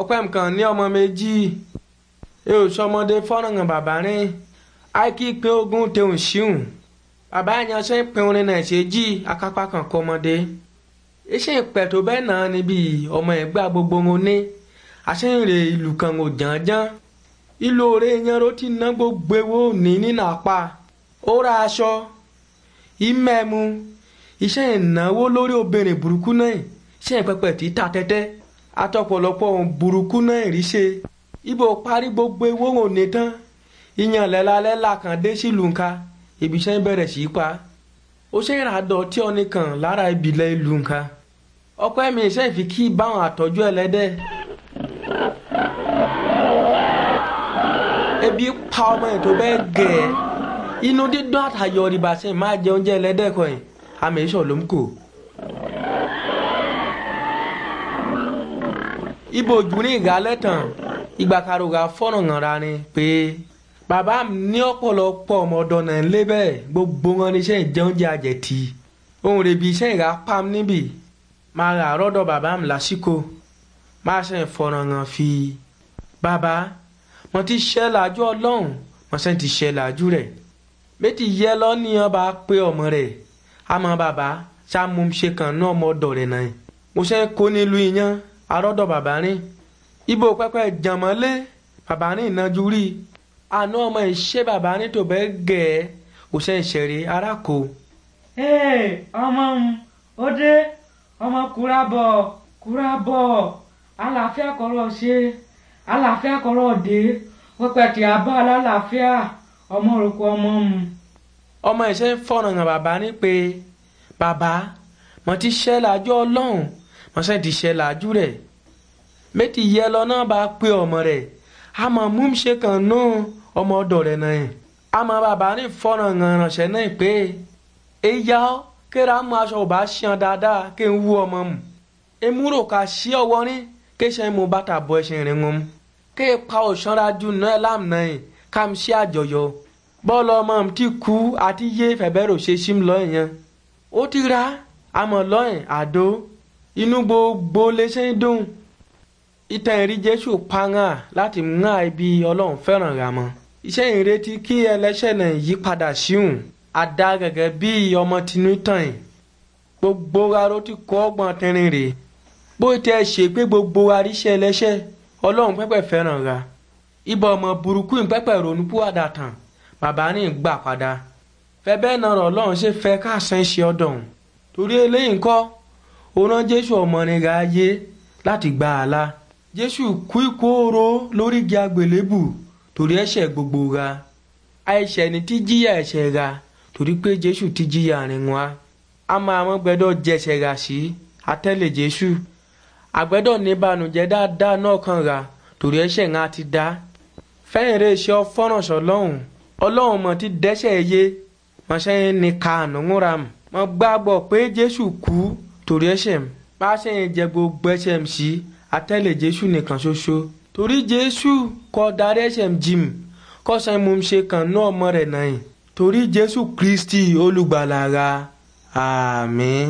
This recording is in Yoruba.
ọpẹ́ nǹkan ní ọmọ méjì èò sọmọdé fọ́nrán bàbá rìn àìkí pé ogún tẹ̀hún ṣíhùn bàbá ìyanṣẹ́ pin orin náà ṣe jí akápá kan kọ́ ọmọdé iṣẹ́ ìpẹ́ tó bẹ́ẹ̀ náà níbi ọmọ ẹ̀gbá gbogbo wọn ní àṣẹyìnrè ìlú kan ò jàǹjàǹ ìlú òre yan ló ti ná gbogbo ewo ní nínà pa ó ra aṣọ ìmẹ̀mú iṣẹ́ ìnáwó lórí obìnrin burúkú náà iṣẹ́ ìpẹ́pẹ́ tí ta tẹ́tẹ́ àtọ̀pọ̀lọpọ̀ ohun burúkú náà rí ṣe ibo parí gbogbo ewó òun ní tán ìyàn lẹ́lalẹ́la kan dé sílùú nǹka ibiṣẹ́ bẹ̀rẹ̀ sí í pa ó ṣe ìràdọ̀ tí ọ nìkan lára ìbílẹ̀ ìlú nǹka ọpẹ́ mi iṣẹ́ ìfi kí báwọn àtọ́jú ẹlẹ́dẹ̀ ebi pa ọmọ ẹ̀ bẹ́ẹ̀ gẹ̀ẹ́ inú dídùn àtàyọ̀ rìbàṣẹ́ máa jẹ oúnjẹ ẹlẹ́dẹ̀ kọ́ ẹ̀ àmì ìṣọ̀ ló ń kò. ibo juni galẹ tan igbakaro ga fọnà ŋara ni pé bàbá ní ọ̀pọ̀lọpọ̀ ọmọdọ̀ náà lébẹ̀ gbogbo wọn ní iṣẹ́ ìjẹunjẹ àjẹtì ohun rẹ̀ bí iṣẹ́ ìhà pam níbì máa rà rọ́dọ̀ bàbá mi lásìkò máa ṣe ìfọ̀ràngàn fi bàbá mo ti ṣẹ́ làájú ọlọ́run mo ṣe ti ṣẹ́ làájú rẹ̀ méjì yẹ lọ́nìyàn bá pé ọmọ rẹ̀ àmọ́ bàbá ṣàmúṣe kan náà ọmọdọ̀ rẹ̀ náà mo ṣe kó nílùú iyán arọ́dọ̀ bàbá rìn ibo pẹ́pẹ́ jànmọ́lé bàbá rìn ìnajú rí àná ọmọ ìṣe bàbá rìn tó bẹ́ẹ̀ gẹ̀ ẹ́ òṣè ìṣeré aráko. ee ọmọ ń ó dé ọmọ kúra bọ̀ kúra bọ̀ àlàáfíà kọ̀rọ̀ ṣe àlàáfíà kọ̀rọ̀ dé pẹ́pẹ́ tí a bá alálàáfíà ọmọ òrùkọ ọmọ ń. ọmọ ìṣe ń fọ̀nà bàbá rìn pé bàbá mo ti ṣẹ́ lájọ́ ọlọ́run mọ̀sán ti ṣẹlẹ̀ àjú rẹ̀ méjì yẹ lọ náà bá pé ọmọ rẹ̀ àmọ́ múmṣe kan nù ọmọ ọ̀dọ̀ rẹ̀ náà àmọ́ bàbá ní fọ́nrán ránṣẹ́ náà pé e yá ọ́ kéra mú aṣọ ò bá ṣan dáadáa kí n wú ọmọ mu emúrò ká ṣí ọwọ́ rí kéṣe mú bàtà bọ ẹṣin rìn wọn mu ké pa òṣanra ju náà lámìnà yìí ká mi ṣe àjọyọ̀ bọ́ọ̀lù ọmọ mi ti kú àti yé fẹ̀bẹ́rò ṣe sí mi lọ́yìn yẹn ó ti ra àmọ̀ lọ́yìn àdó inú gbogbo léṣe ń dùn ìtàn ìrí jésù pààyàn láti ńlá ibi ọlọ́run fẹ́ràn rà mọ́ iṣẹ́ ìrètí kí ẹlẹ́ṣẹ̀ náà yí padà síhùn àdá gẹ́gẹ́ bí ọmọ tinú tàn yìí gbogbo aró ti kọ́ ọgbọ́n tẹrin rèé bó tiẹ̀ ṣe pé gbogbo aríṣẹ́ ẹlẹ́ṣẹ̀ ọlọ́run pẹ́pẹ́ fẹ́ràn rà ibà ọmọ burúkú pẹ́pẹ́ ronú púwàdà tán bàbá ní ìgbà padà fẹ́ bẹ́ẹ̀ náà ọlọ́run ṣe fẹ́ káàsán ṣe ọdọ̀ ó rán jésù ọmọnìga ayé láti gba àlà jésù kú ìkóró lórí igi àgbélébù torí ẹ̀ṣẹ̀ gbogbo wa àìṣẹ̀ ni tí jìyà ẹ̀ṣẹ̀ ra torí pé jésù ti jìyà rìn wá a máa mọ́ gbẹ́dọ̀ jẹsẹ̀ rà sí atẹ́lẹ̀ jésù àgbẹ́dọ̀ níbànújẹ́ dáadáa náà kàn rà torí ẹ̀ṣẹ̀ ńlá ti dá fẹ́yìnrẹ́ iṣẹ́ ọfọ́ràn sọlọ́hún ọlọ́run mọ̀ ti dẹ́ṣẹ̀ yé mọ̀ṣẹ́ ní kàánú ńlá mọ̀ gbàgbọ́ pé jésù kú torí ẹ̀ṣẹ̀ mi bá ṣe yẹn jẹ gbogbo ẹ̀ṣẹ̀ mi sí atẹ́lẹ̀ jésù nìkan ṣoṣo torí jésù kó darí ẹ̀ṣẹ̀ mi jì mí kó san mo ṣe kàn ní ọmọ rẹ̀ nàyìn torí jésù kristi olùgbàlà ra àmín.